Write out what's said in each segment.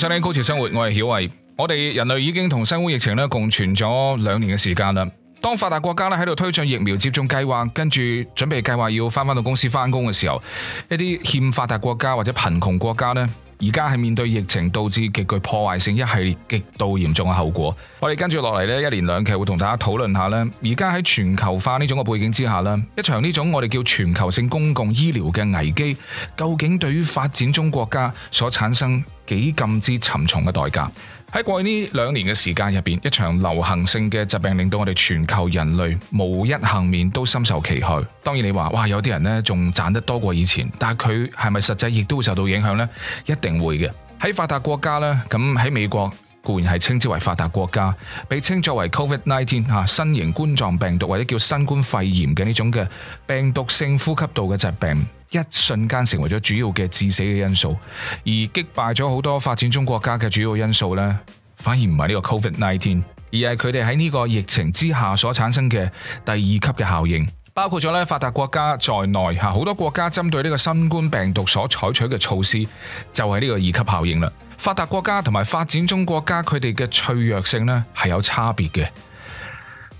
新呢高潮生活，我係曉慧。我哋人類已經同新冠疫情咧共存咗兩年嘅時間啦。當發達國家咧喺度推進疫苗接種計劃，跟住準備計劃要翻翻到公司翻工嘅時候，一啲欠發達國家或者貧窮國家呢，而家係面對疫情導致極具破壞性一系列極度嚴重嘅後果。我哋跟住落嚟呢一年兩期會同大家討論下咧，而家喺全球化呢種嘅背景之下咧，一場呢種我哋叫全球性公共醫療嘅危機，究竟對於發展中國家所產生？幾咁之沉重嘅代價喺過去呢兩年嘅時間入邊，一場流行性嘅疾病令到我哋全球人類無一幸免，都深受其害。當然你話，哇，有啲人呢仲賺得多過以前，但係佢係咪實際亦都會受到影響呢？一定會嘅。喺發達國家呢，咁喺美國。固然係稱之為發達國家，被稱作為 Covid nineteen 吓，新型冠狀病毒或者叫新冠肺炎嘅呢種嘅病毒性呼吸道嘅疾病，一瞬間成為咗主要嘅致死嘅因素，而擊敗咗好多發展中國家嘅主要因素呢，反而唔係呢個 Covid nineteen，而係佢哋喺呢個疫情之下所產生嘅第二級嘅效應，包括咗咧發達國家在內吓，好多國家針對呢個新冠病毒所採取嘅措施，就係呢個二級效應啦。發達國家同埋發展中國家，佢哋嘅脆弱性呢係有差別嘅。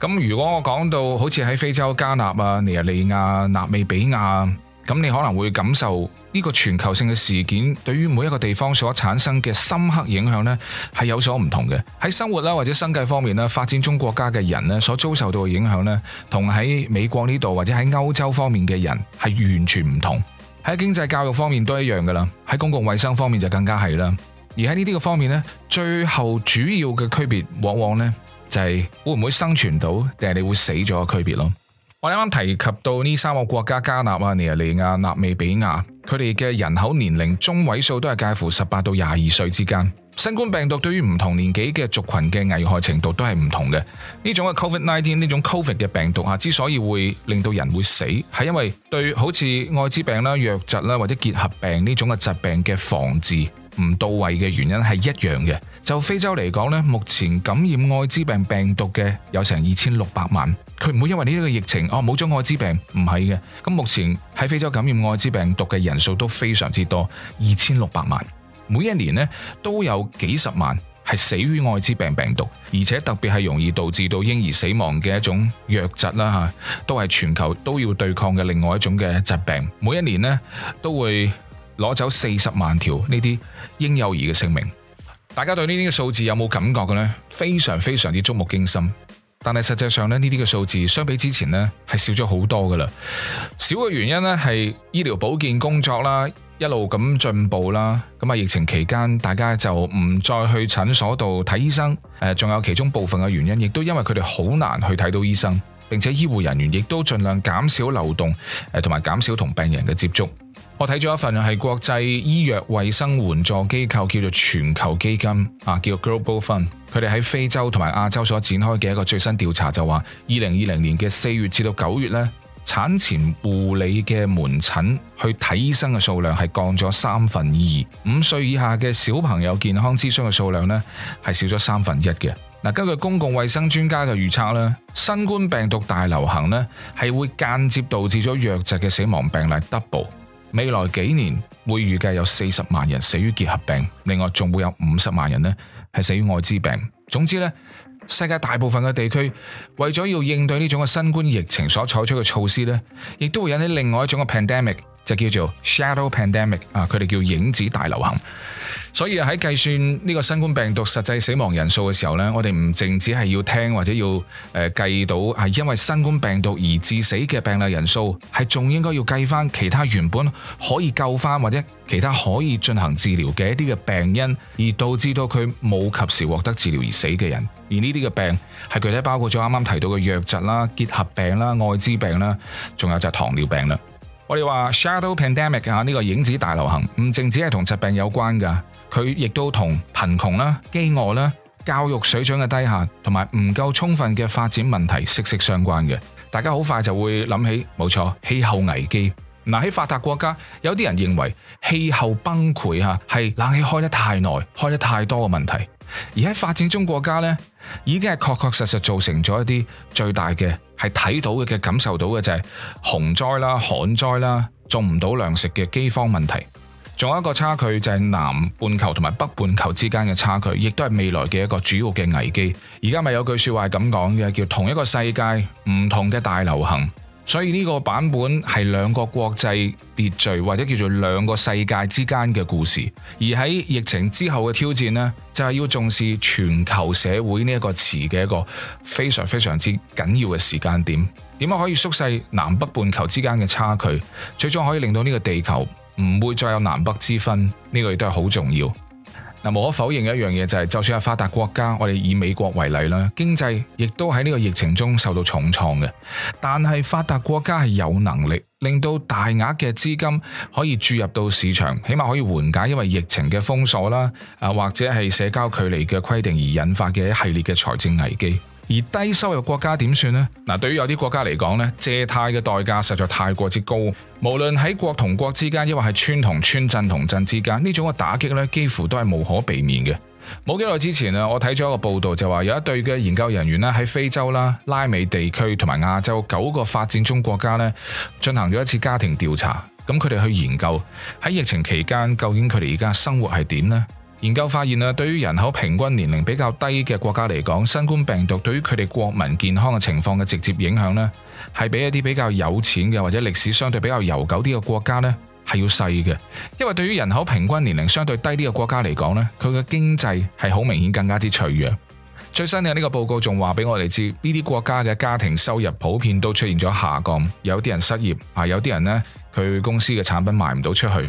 咁如果我講到好似喺非洲加納啊、尼日利亞、納米比亞啊，咁你可能會感受呢個全球性嘅事件對於每一個地方所產生嘅深刻影響呢係有所唔同嘅。喺生活啦或者生計方面啦，發展中國家嘅人呢所遭受到嘅影響呢，同喺美國呢度或者喺歐洲方面嘅人係完全唔同。喺經濟、教育方面都一樣噶啦，喺公共衛生方面就更加係啦。而喺呢啲嘅方面呢，最後主要嘅區別往往呢，就係會唔會生存到，定係你會死咗嘅區別咯。我啱啱提及到呢三個國家：加納啊、尼日利亞、納米比亞，佢哋嘅人口年齡中位數都係介乎十八到廿二歲之間。新冠病毒對於唔同年紀嘅族群嘅危害程度都係唔同嘅。呢種嘅 Covid Nineteen 呢種 Covid 嘅病毒啊，之所以會令到人會死，係因為對好似艾滋病啦、瘧疾啦或者結核病呢種嘅疾病嘅防治唔到位嘅原因係一樣嘅。就非洲嚟講呢，目前感染艾滋病病毒嘅有成二千六百萬，佢唔會因為呢個疫情哦冇咗艾滋病，唔係嘅。咁目前喺非洲感染艾滋病毒嘅人數都非常之多，二千六百萬。每一年呢都有幾十萬係死於艾滋病病毒，而且特別係容易導致到嬰兒死亡嘅一種藥疾啦吓，都係全球都要對抗嘅另外一種嘅疾病。每一年呢都會。攞走四十萬條呢啲嬰幼兒嘅性命，大家對呢啲嘅數字有冇感覺嘅咧？非常非常之觸目驚心。但係實際上咧，呢啲嘅數字相比之前咧係少咗好多噶啦。少嘅原因咧係醫療保健工作啦，一路咁進步啦。咁啊，疫情期間大家就唔再去診所度睇醫生。誒，仲有其中部分嘅原因，亦都因為佢哋好難去睇到醫生，並且醫護人員亦都盡量減少流動，誒，同埋減少同病人嘅接觸。我睇咗一份係國際醫藥衛生援助機構叫做全球基金啊，叫做 Global Fund。佢哋喺非洲同埋亞洲所展開嘅一個最新調查就話，二零二零年嘅四月至到九月咧，產前護理嘅門診去睇醫生嘅數量係降咗三分二，五歲以下嘅小朋友健康諮詢嘅數量呢係少咗三分一嘅。嗱，根據公共衛生專家嘅預測咧，新冠病毒大流行呢係會間接導致咗瘧疾嘅死亡病例 double。未來幾年會預計有四十萬人死於結核病，另外仲會有五十萬人呢係死於艾滋病。總之呢，世界大部分嘅地區爲咗要應對呢種嘅新冠疫情所採取嘅措施呢，亦都會引起另外一種嘅 pandemic。就叫做 Shadow Pandemic 啊！佢哋叫影子大流行，所以喺計算呢個新冠病毒實際死亡人數嘅時候呢，我哋唔淨止係要聽或者要誒計、呃、到係、啊、因為新冠病毒而致死嘅病例人數，係仲應該要計翻其他原本可以救翻或者其他可以進行治療嘅一啲嘅病因，而導致到佢冇及時獲得治療而死嘅人。而呢啲嘅病係具體包括咗啱啱提到嘅瘧疾啦、結核病啦、艾滋病啦，仲有就係糖尿病啦。我哋話 Shadow Pandemic 吓，呢個影子大流行，唔淨止係同疾病有關噶，佢亦都同貧窮啦、饑餓啦、教育水準嘅低下，同埋唔夠充分嘅發展問題息息相關嘅。大家好快就會諗起，冇錯，氣候危機。嗱，喺發達國家有啲人認為氣候崩潰吓，係冷氣開得太耐、開得太多嘅問題，而喺發展中國家呢，已經係確確實實造成咗一啲最大嘅。係睇到嘅，嘅感受到嘅就係洪災啦、旱災啦、種唔到糧食嘅饑荒問題，仲有一個差距就係南半球同埋北半球之間嘅差距，亦都係未來嘅一個主要嘅危機。而家咪有句說話係咁講嘅，叫同一個世界，唔同嘅大流行。所以呢個版本係兩個國際秩序或者叫做兩個世界之間嘅故事，而喺疫情之後嘅挑戰咧，就係要重視全球社會呢一個詞嘅一個非常非常之緊要嘅時間點，點樣可以縮細南北半球之間嘅差距，最終可以令到呢個地球唔會再有南北之分，呢個亦都係好重要。嗱，無可否認嘅一樣嘢就係、是，就算係發達國家，我哋以美國為例啦，經濟亦都喺呢個疫情中受到重創嘅。但係發達國家係有能力令到大額嘅資金可以注入到市場，起碼可以緩解因為疫情嘅封鎖啦，啊或者係社交距離嘅規定而引發嘅一系列嘅財政危機。而低收入國家點算呢？嗱，對於有啲國家嚟講呢，借貸嘅代價實在太過之高，無論喺國同國之間，抑或係村同村振同振、鎮同鎮之間，呢種嘅打擊咧，幾乎都係無可避免嘅。冇幾耐之前啊，我睇咗一個報道，就話有一隊嘅研究人員咧，喺非洲啦、拉美地區同埋亞洲九個發展中國家咧，進行咗一次家庭調查。咁佢哋去研究喺疫情期間，究竟佢哋而家生活係點呢？研究發現啊，對於人口平均年齡比較低嘅國家嚟講，新冠病毒對於佢哋國民健康嘅情況嘅直接影響呢，係比一啲比較有錢嘅或者歷史相對比較悠久啲嘅國家呢，係要細嘅。因為對於人口平均年齡相對低啲嘅國家嚟講呢，佢嘅經濟係好明顯更加之脆弱。最新嘅呢個報告仲話俾我哋知，呢啲國家嘅家庭收入普遍都出現咗下降，有啲人失業，啊有啲人呢，佢公司嘅產品賣唔到出去。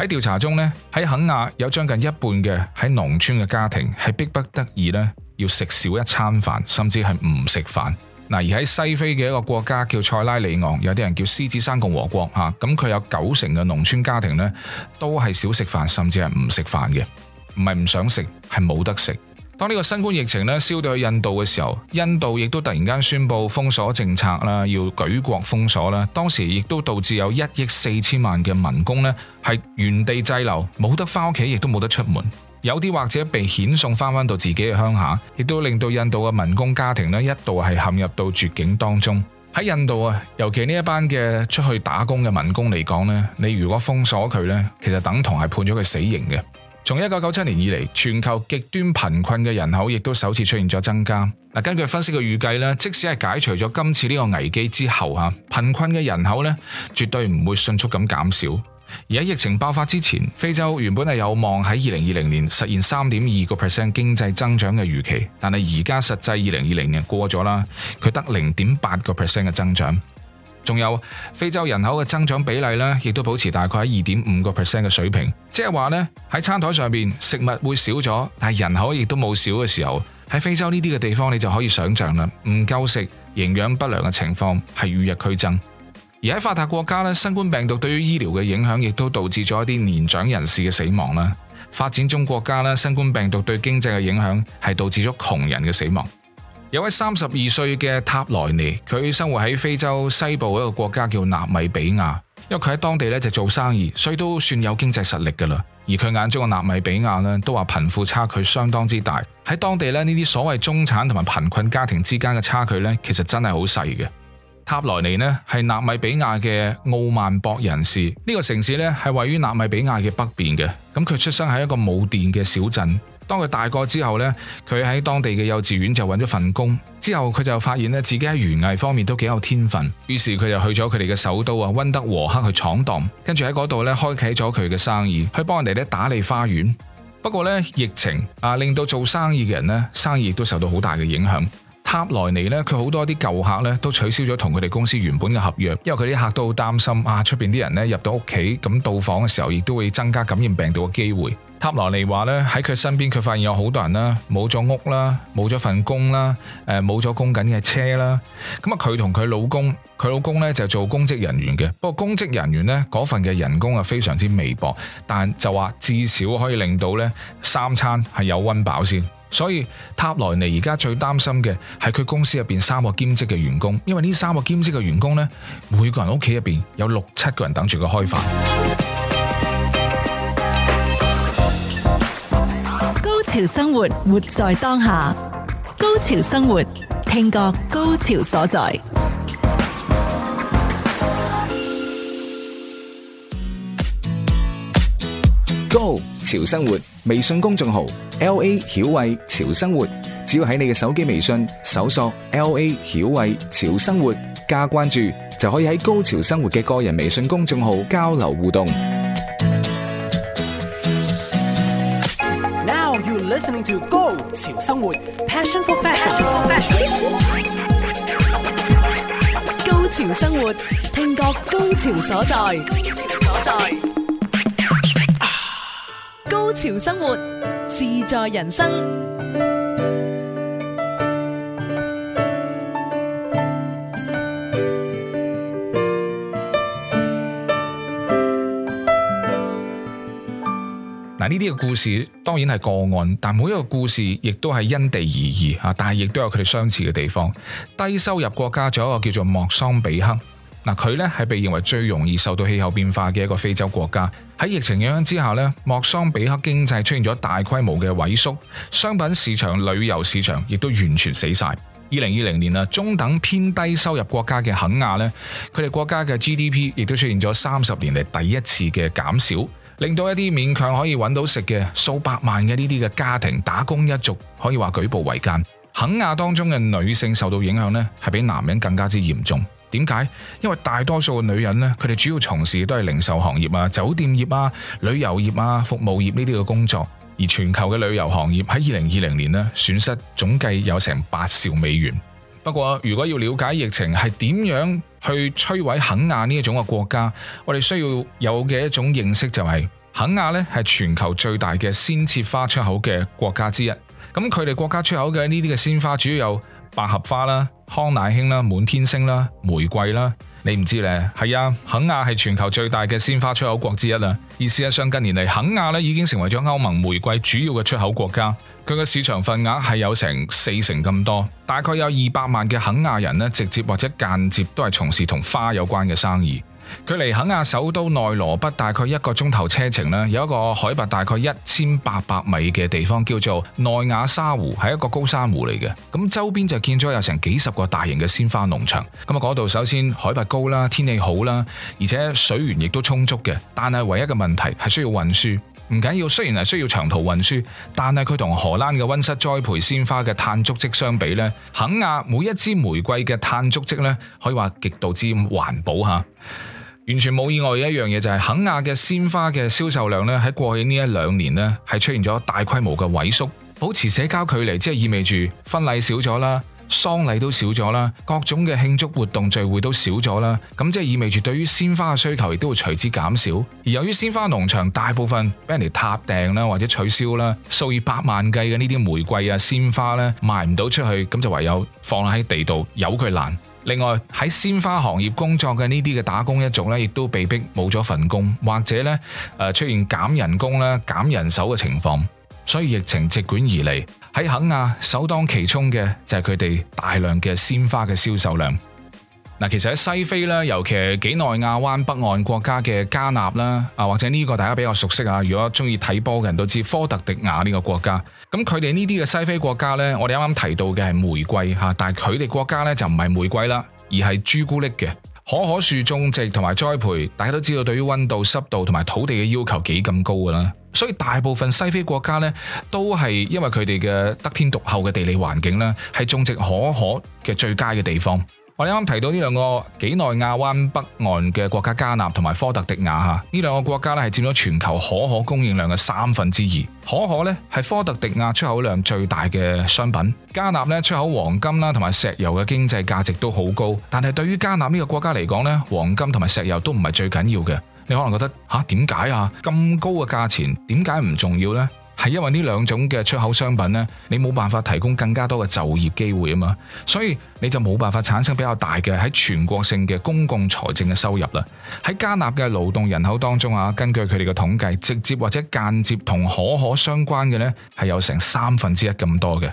喺調查中咧，喺肯亞有將近一半嘅喺農村嘅家庭係迫不得已咧，要食少一餐飯，甚至係唔食飯。嗱，而喺西非嘅一個國家叫塞拉利昂，有啲人叫獅子山共和國嚇，咁佢有九成嘅農村家庭咧，都係少食飯，甚至係唔食飯嘅，唔係唔想食，係冇得食。當呢個新冠疫情咧燒到去印度嘅時候，印度亦都突然間宣布封鎖政策啦，要舉國封鎖啦。當時亦都導致有一億四千萬嘅民工呢係原地滯留，冇得翻屋企，亦都冇得出門。有啲或者被遣送翻翻到自己嘅鄉下，亦都令到印度嘅民工家庭咧一度係陷入到絕境當中。喺印度啊，尤其呢一班嘅出去打工嘅民工嚟講呢，你如果封鎖佢呢，其實等同係判咗佢死刑嘅。從一九九七年以嚟，全球極端貧困嘅人口亦都首次出現咗增加。嗱，根據分析嘅預計咧，即使係解除咗今次呢個危機之後，吓貧困嘅人口咧絕對唔會迅速咁減少。而喺疫情爆發之前，非洲原本係有望喺二零二零年實現三點二個 percent 經濟增長嘅預期，但係而家實際二零二零年過咗啦，佢得零點八個 percent 嘅增長。仲有非洲人口嘅增長比例呢，亦都保持大概喺二點五個 percent 嘅水平，即係話呢，喺餐台上面食物會少咗，但係人口亦都冇少嘅時候，喺非洲呢啲嘅地方你就可以想象啦，唔夠食、營養不良嘅情況係與日俱增。而喺發達國家呢，新冠病毒對於醫療嘅影響亦都導致咗一啲年長人士嘅死亡啦，發展中國家呢，新冠病毒對經濟嘅影響係導致咗窮人嘅死亡。有位三十二歲嘅塔萊尼，佢生活喺非洲西部一個國家叫納米比亞，因為佢喺當地咧就做生意，所以都算有經濟實力噶啦。而佢眼中嘅納米比亞咧，都話貧富差距相當之大。喺當地咧，呢啲所謂中產同埋貧困家庭之間嘅差距咧，其實真係好細嘅。塔萊尼呢，係納米比亞嘅奧曼博人士，呢個城市咧係位於納米比亞嘅北邊嘅。咁佢出生喺一個冇電嘅小鎮。當佢大個之後呢，佢喺當地嘅幼稚園就揾咗份工，之後佢就發現咧，自己喺園藝方面都幾有天分。於是佢就去咗佢哋嘅首都啊溫德和克去闖蕩，跟住，喺嗰度咧開啟咗佢嘅生意，去幫人哋咧打理花園。不過呢，疫情啊，令到做生意嘅人咧，生意亦都受到好大嘅影響。塔萊尼呢，佢好多啲舊客呢都取消咗同佢哋公司原本嘅合約，因為佢啲客都好擔心啊，出邊啲人呢入到屋企咁到訪嘅時候，亦都會增加感染病毒嘅機會。塔萊尼話呢，喺佢身邊，佢發現有好多人啦，冇咗屋啦，冇咗份工啦，誒冇咗供緊嘅車啦。咁啊，佢同佢老公，佢老公呢就做公職人員嘅，不過公職人員呢，嗰份嘅人工啊非常之微薄，但就話至少可以令到呢三餐係有溫飽先。所以塔萊尼而家最擔心嘅係佢公司入邊三個兼職嘅員工，因為呢三個兼職嘅員工咧，每個人屋企入邊有六七個人等住佢開飯。高潮生活，活在當下。高潮生活，聽覺高潮所在。高潮生活。微信公眾號 L A 曉慧潮生活，只要喺你嘅手機微信搜索 L A 曉慧潮生活加關注，就可以喺高潮生活嘅個人微信公眾號交流互動。Now you listening to 高潮生活，passion for fashion。高潮生活，聽覺高潮所在。高潮高潮生活，自在人生。嗱，呢啲嘅故事當然係個案，但每一個故事亦都係因地而異啊！但係亦都有佢哋相似嘅地方。低收入國家仲有一個叫做莫桑比克。嗱，佢咧係被認為最容易受到氣候變化嘅一個非洲國家。喺疫情影響之下咧，莫桑比克經濟出現咗大規模嘅萎縮，商品市場、旅遊市場亦都完全死晒。二零二零年啊，中等偏低收入國家嘅肯亞咧，佢哋國家嘅 GDP 亦都出現咗三十年嚟第一次嘅減少，令到一啲勉強可以揾到食嘅數百萬嘅呢啲嘅家庭打工一族可以話舉步維艱。肯亞當中嘅女性受到影響咧，係比男人更加之嚴重。點解？因為大多數嘅女人呢，佢哋主要從事都係零售行業啊、酒店業啊、旅遊業啊、服務業呢啲嘅工作。而全球嘅旅遊行業喺二零二零年呢，損失總計有成八兆美元。不過，如果要了解疫情係點樣去摧毀肯亞呢一種嘅國家，我哋需要有嘅一種認識就係肯亞呢係全球最大嘅鮮切花出口嘅國家之一。咁佢哋國家出口嘅呢啲嘅鮮花主要有。百合花啦、康乃馨啦、滿天星啦、玫瑰啦，你唔知咧？係啊，肯亞係全球最大嘅鮮花出口國之一啊！而事實上，近年嚟，肯亞呢已經成為咗歐盟玫瑰主要嘅出口國家，佢嘅市場份額係有成四成咁多，大概有二百萬嘅肯亞人呢，直接或者間接都係從事同花有關嘅生意。距離肯亞首都內羅畢大概一個鐘頭車程啦，有一個海拔大概一千八百米嘅地方叫做奈瓦沙湖，係一個高山湖嚟嘅。咁周邊就建咗有成幾十個大型嘅鮮花農場。咁啊，嗰度首先海拔高啦，天氣好啦，而且水源亦都充足嘅。但係唯一嘅問題係需要運輸，唔緊要。雖然係需要長途運輸，但係佢同荷蘭嘅溫室栽培鮮花嘅碳足跡相比呢，肯亞每一支玫瑰嘅碳足跡呢，可以話極度之環保吓。完全冇意外嘅一樣嘢就係肯亞嘅鮮花嘅銷售量咧，喺過去呢一兩年咧係出現咗大規模嘅萎縮。保持社交距離，即係意味住婚禮少咗啦，喪禮都少咗啦，各種嘅慶祝活動聚會都少咗啦。咁即係意味住對於鮮花嘅需求亦都會隨之減少。而由於鮮花農場大部分俾人哋撻訂啦，或者取消啦，數以百萬計嘅呢啲玫瑰啊、鮮花咧賣唔到出去，咁就唯有放喺地度由佢爛。另外，喺鮮花行業工作嘅呢啲嘅打工一族咧，亦都被逼冇咗份工，或者咧誒，出現減人工啦、減人手嘅情況。所以疫情席捲而嚟，喺肯亞首當其衝嘅就係佢哋大量嘅鮮花嘅銷售量。嗱，其實喺西非咧，尤其係幾內亞灣北岸國家嘅加納啦，啊或者呢個大家比較熟悉啊，如果中意睇波嘅人都知科特迪瓦呢個國家。咁佢哋呢啲嘅西非國家呢，我哋啱啱提到嘅係玫瑰嚇，但係佢哋國家呢，就唔係玫瑰啦，而係朱古力嘅可可樹種植同埋栽培，大家都知道對於溫度、濕度同埋土地嘅要求幾咁高噶啦，所以大部分西非國家呢，都係因為佢哋嘅得天獨厚嘅地理環境呢係種植可可嘅最佳嘅地方。我哋啱啱提到呢兩個幾內亞灣北岸嘅國家加納同埋科特迪瓦吓，呢兩個國家咧係佔咗全球可可供應量嘅三分之二。可可咧係科特迪瓦出口量最大嘅商品，加納咧出口黃金啦，同埋石油嘅經濟價值都好高。但係對於加納呢個國家嚟講咧，黃金同埋石油都唔係最緊要嘅。你可能覺得吓點解啊咁、啊、高嘅價錢點解唔重要呢？係因為呢兩種嘅出口商品咧，你冇辦法提供更加多嘅就業機會啊嘛，所以你就冇辦法產生比較大嘅喺全國性嘅公共財政嘅收入啦。喺加納嘅勞動人口當中啊，根據佢哋嘅統計，直接或者間接同可可相關嘅咧係有成三分之一咁多嘅，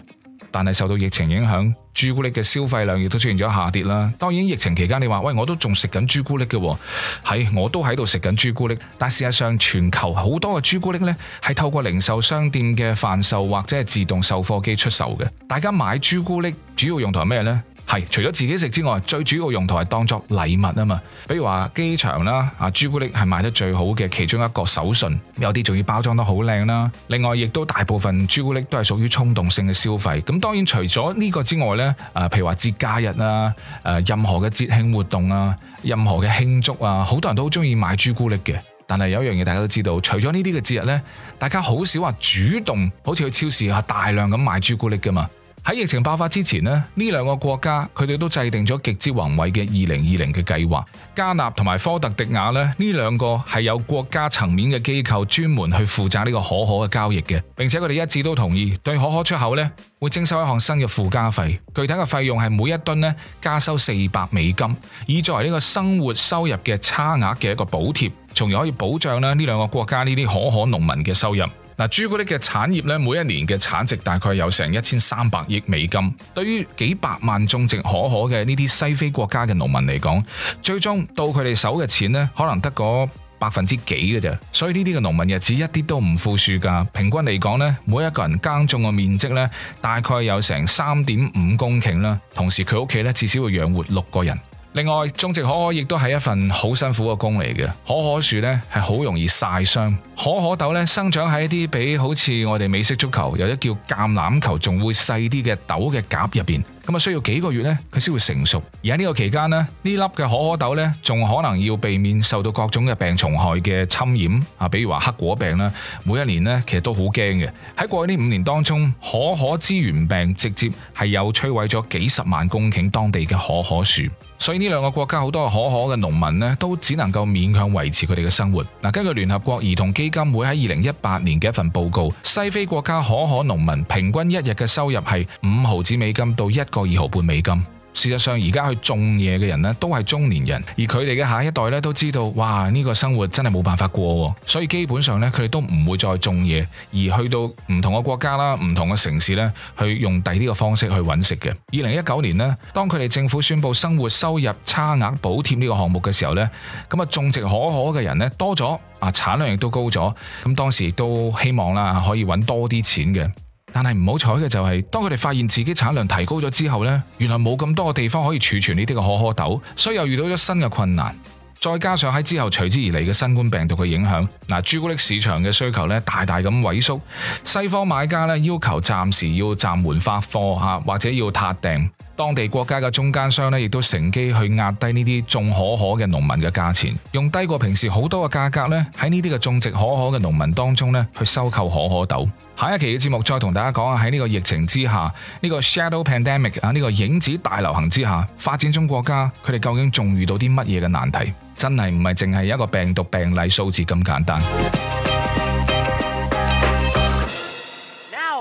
但係受到疫情影響。朱古力嘅消費量亦都出現咗下跌啦。當然疫情期間你，你話喂我都仲食緊朱古力㗎喎、哦，係我都喺度食緊朱古力。但事實上，全球好多嘅朱古力呢，係透過零售商店嘅販售或者係自動售貨機出售嘅。大家買朱古力，主要用途係咩呢？係除咗自己食之外，最主要用途係當作禮物啊嘛。比如話機場啦，啊朱古力係賣得最好嘅其中一個手信，有啲仲要包裝得好靚啦。另外，亦都大部分朱古力都係屬於衝動性嘅消費。咁當然除咗呢個之外呢，誒、呃，譬如話節假日啊，誒、呃，任何嘅節慶活動啊，任何嘅慶祝啊，好多人都好中意買朱古力嘅。但係有一樣嘢大家都知道，除咗呢啲嘅節日呢，大家好少話主動，好似去超市啊大量咁買朱古力噶嘛。喺疫情爆發之前咧，呢兩個國家佢哋都制定咗極之宏偉嘅二零二零嘅計劃。加納同埋科特迪瓦咧，呢兩個係有國家層面嘅機構專門去負責呢個可可嘅交易嘅。並且佢哋一致都同意對可可出口咧，會徵收一項新嘅附加費。具體嘅費用係每一噸咧加收四百美金，以作為呢個生活收入嘅差額嘅一個補貼，從而可以保障啦呢兩個國家呢啲可可農民嘅收入。嗱，朱古力嘅產業咧，每一年嘅產值大概有成一千三百億美金。對於幾百萬種植可可嘅呢啲西非國家嘅農民嚟講，最終到佢哋手嘅錢咧，可能得個百分之幾嘅啫。所以呢啲嘅農民日子一啲都唔富庶噶。平均嚟講咧，每一個人耕種嘅面積咧，大概有成三點五公頃啦。同時佢屋企咧至少會養活六個人。另外，種植可可亦都係一份好辛苦嘅工嚟嘅。可可樹咧係好容易曬傷，可可豆咧生長喺一啲比好似我哋美式足球，又叫橄欖球仲會細啲嘅豆嘅夾入邊。咁啊需要幾個月咧，佢先會成熟。而喺呢個期間咧，呢粒嘅可可豆咧，仲可能要避免受到各種嘅病蟲害嘅侵染啊，比如話黑果病啦。每一年咧，其實都好驚嘅。喺過去呢五年當中，可可資源病直接係有摧毀咗幾十萬公頃當地嘅可可樹，所以呢兩個國家好多可可嘅農民咧，都只能夠勉強維持佢哋嘅生活。嗱，根據聯合國兒童基金會喺二零一八年嘅一份報告，西非國家可可農民平均一日嘅收入係五毫紙美金到一。個二毫半美金。事實上，而家去種嘢嘅人呢，都係中年人，而佢哋嘅下一代咧，都知道哇，呢個生活真係冇辦法過，所以基本上咧，佢哋都唔會再種嘢，而去到唔同嘅國家啦、唔同嘅城市咧，去用第啲嘅方式去揾食嘅。二零一九年呢，當佢哋政府宣布生活收入差額補貼呢個項目嘅時候呢，咁啊，種植可可嘅人呢，多咗，啊產量亦都高咗，咁當時都希望啦，可以揾多啲錢嘅。但係唔好彩嘅就係，當佢哋發現自己產量提高咗之後呢，原來冇咁多嘅地方可以儲存呢啲嘅可可豆，所以又遇到咗新嘅困難。再加上喺之後隨之而嚟嘅新冠病毒嘅影響，嗱，朱古力市場嘅需求咧，大大咁萎縮，西方買家咧，要求暫時要暫緩發貨啊，或者要撻訂。當地國家嘅中間商咧，亦都乘機去壓低呢啲種可可嘅農民嘅價錢，用低過平時好多嘅價格咧，喺呢啲嘅種植可可嘅農民當中咧，去收購可可豆。下一期嘅節目再同大家講下喺呢個疫情之下，呢個 Shadow Pandemic 啊，呢個影子大流行之下，發展中國家佢哋究竟仲遇到啲乜嘢嘅難題？真係唔係淨係一個病毒病例數字咁簡單。